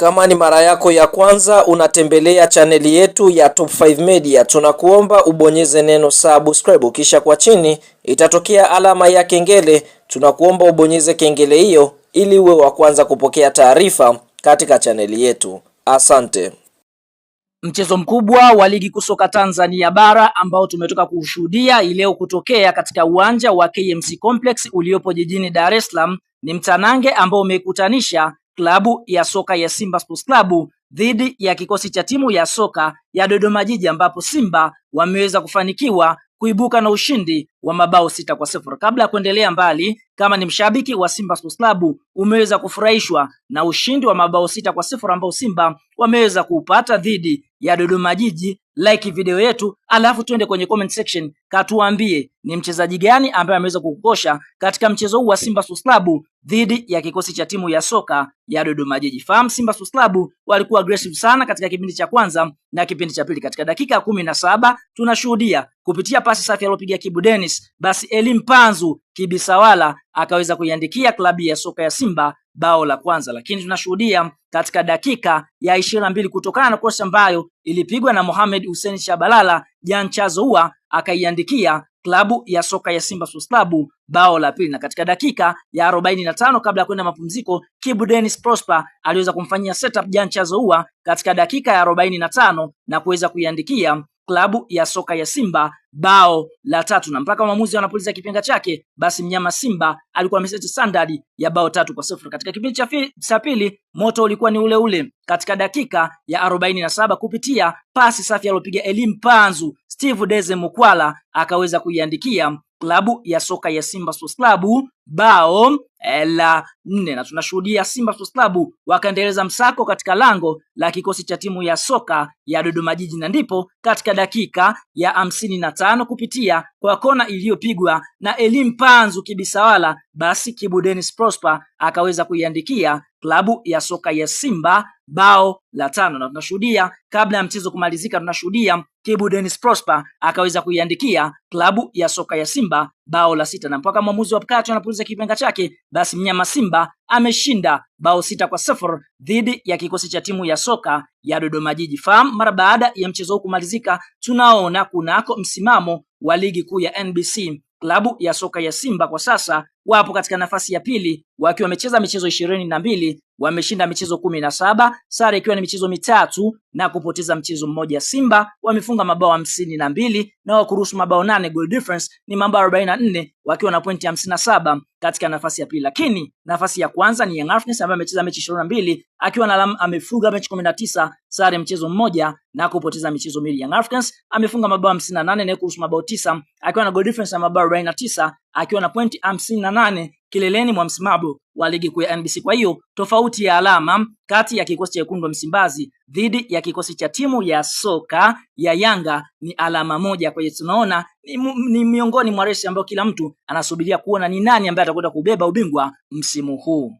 Kama ni mara yako ya kwanza unatembelea chaneli yetu ya Top 5 Media, tunakuomba ubonyeze neno subscribe, kisha kwa chini itatokea alama ya kengele. Tunakuomba ubonyeze kengele hiyo ili uwe wa kwanza kupokea taarifa katika chaneli yetu. Asante. Mchezo mkubwa wa ligi kuu soka Tanzania bara ambao tumetoka kuushuhudia ileo kutokea katika uwanja wa KMC Complex uliopo jijini Dar es Salaam ni mtanange ambao umekutanisha klabu ya soka ya Simba Sports Club dhidi ya kikosi cha timu ya soka ya Dodoma Jiji, ambapo Simba wameweza kufanikiwa kuibuka na ushindi wa mabao sita kwa sifuri. Kabla ya kuendelea mbali, kama ni mshabiki wa Simba Sports Club, umeweza kufurahishwa na ushindi wa mabao sita kwa sifuri ambao Simba wameweza kuupata dhidi ya Dodoma Jiji, like video yetu, alafu tuende kwenye comment section, katuambie ni mchezaji gani ambaye ameweza kukosha katika mchezo huu wa Simba Sports Club dhidi ya kikosi cha timu ya soka ya Dodoma Jiji. Fahamu Simba Sports Club walikuwa aggressive sana katika kipindi cha kwanza na kipindi cha pili. Katika dakika ya kumi na saba tunashuhudia kupitia pasi safi aliyopiga Kibu Dennis, basi Elim Panzu Kibisawala akaweza kuiandikia klabu ya soka ya Simba bao la kwanza, lakini tunashuhudia katika dakika ya ishirini na mbili kutokana na kosa ambayo ilipigwa na Mohamed Hussein Shabalala Jan huwa akaiandikia klabu ya soka ya Simba Sports Club bao la pili, na katika dakika ya arobaini na tano kabla ya kwenda mapumziko, Kibu Dennis Prosper aliweza kumfanyia setup Jan huwa katika dakika ya arobaini na tano na kuweza kuiandikia klabu ya soka ya Simba bao la tatu, na mpaka mwamuzi anapuliza kipenga chake, basi mnyama Simba alikuwa ameseti standard ya bao tatu kwa sifuri. Katika kipindi cha pili moto ulikuwa ni ule ule katika dakika ya arobaini na saba kupitia pasi safi aliyopiga Elim Panzu, Steve Deze Mukwala akaweza kuiandikia klabu ya soka ya Simba Sports Club bao la nne na tunashuhudia Simba Sports Club wakaendeleza msako katika lango la kikosi cha timu ya soka ya Dodoma Jiji, na ndipo katika dakika ya hamsini na tano kupitia kwa kona iliyopigwa na Elim Panzu Kibisawala, basi Kibu Dennis Prosper akaweza kuiandikia klabu ya soka ya Simba bao la tano, na tunashuhudia kabla ya mchezo kumalizika, tunashuhudia Kibu Dennis Prosper akaweza kuiandikia klabu ya soka ya Simba bao la sita, na mpaka mwamuzi wa kati anapuliza kipenga chake, basi mnyama Simba ameshinda bao sita kwa sifuri dhidi ya kikosi cha timu ya soka ya Dodoma Jiji Farm. Mara baada ya mchezo huu kumalizika, tunaona kunako msimamo wa ligi kuu ya NBC klabu ya soka ya Simba kwa sasa wapo katika nafasi ya pili wakiwa wamecheza michezo ishirini na mbili wameshinda michezo kumi na saba sare ikiwa ni michezo mitatu na kupoteza mchezo mmoja. Simba wamefunga mabao hamsini na mbili na wao kuruhusu mabao nane, goal difference ni mambo arobaini na nne wakiwa na pointi hamsini na saba katika nafasi ya pili, lakini nafasi ya kwanza ni Young Africans ambaye amecheza mechi ishirini na mbili akiwa na alama, amefunga mechi kumi na tisa sare mchezo mmoja na kupoteza michezo miwili. Young Africans amefunga mabao hamsini na nane na kuruhusu mabao tisa akiwa na goal difference ya mabao arobaini na tisa akiwa na pointi hamsini na nane kileleni mwa msimamo wa ligi kuu ya NBC. Kwa hiyo tofauti ya alama kati ya kikosi cha wekundu wa Msimbazi dhidi ya kikosi cha timu ya soka ya Yanga ni alama moja. Kwa hiyo tunaona ni, ni miongoni mwa resi ambayo kila mtu anasubiria kuona ni nani ambaye atakwenda kubeba ubingwa msimu huu.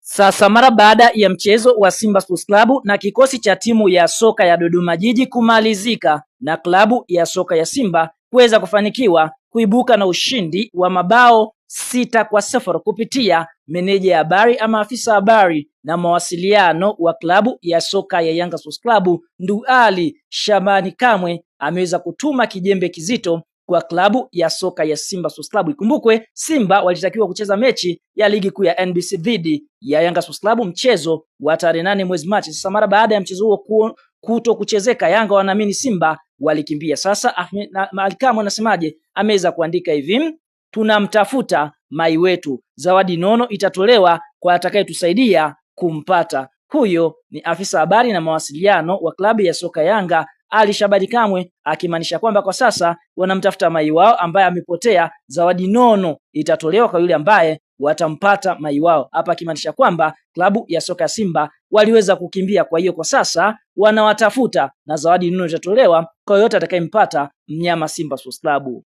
Sasa mara baada ya mchezo wa Simba Sports Club na kikosi cha timu ya soka ya Dodoma Jiji kumalizika, na klabu ya soka ya Simba kuweza kufanikiwa kuibuka na ushindi wa mabao sita kwa sifuri kupitia meneja ya habari ama afisa habari na mawasiliano wa klabu ya soka ya Yanga Sports Club ndugu Ali Shabani Kamwe ameweza kutuma kijembe kizito kwa klabu ya soka ya Simba Sports Club. Ikumbukwe Simba walitakiwa kucheza mechi ya ligi kuu ya NBC dhidi ya Yanga Sports Club mchezo wa tarehe nane mwezi Machi. Sasa mara baada ya mchezo huo kuto kuchezeka, Yanga wanaamini Simba walikimbia. Sasa Malkamu anasemaje? Ameweza kuandika hivi, tunamtafuta mai wetu, zawadi nono itatolewa kwa atakayetusaidia kumpata. Huyo ni afisa habari na mawasiliano wa klabu ya soka Yanga Ali Shabani Kamwe, akimaanisha kwamba kwa sasa wanamtafuta mai wao ambaye amepotea. Zawadi nono itatolewa kwa yule ambaye watampata mai wao. Hapa akimaanisha kwamba klabu ya soka Simba waliweza kukimbia. Kwa hiyo kwa sasa wanawatafuta na zawadi nuno itatolewa kwa yoyote atakayempata mnyama Simba Sports Club.